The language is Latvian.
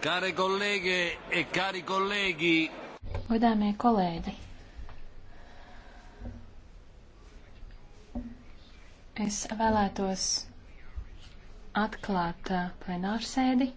Care kolēģi e cari kolēģi. Godāmie kolēģi. Es vēlētos atklāt uh, plenārsēdi.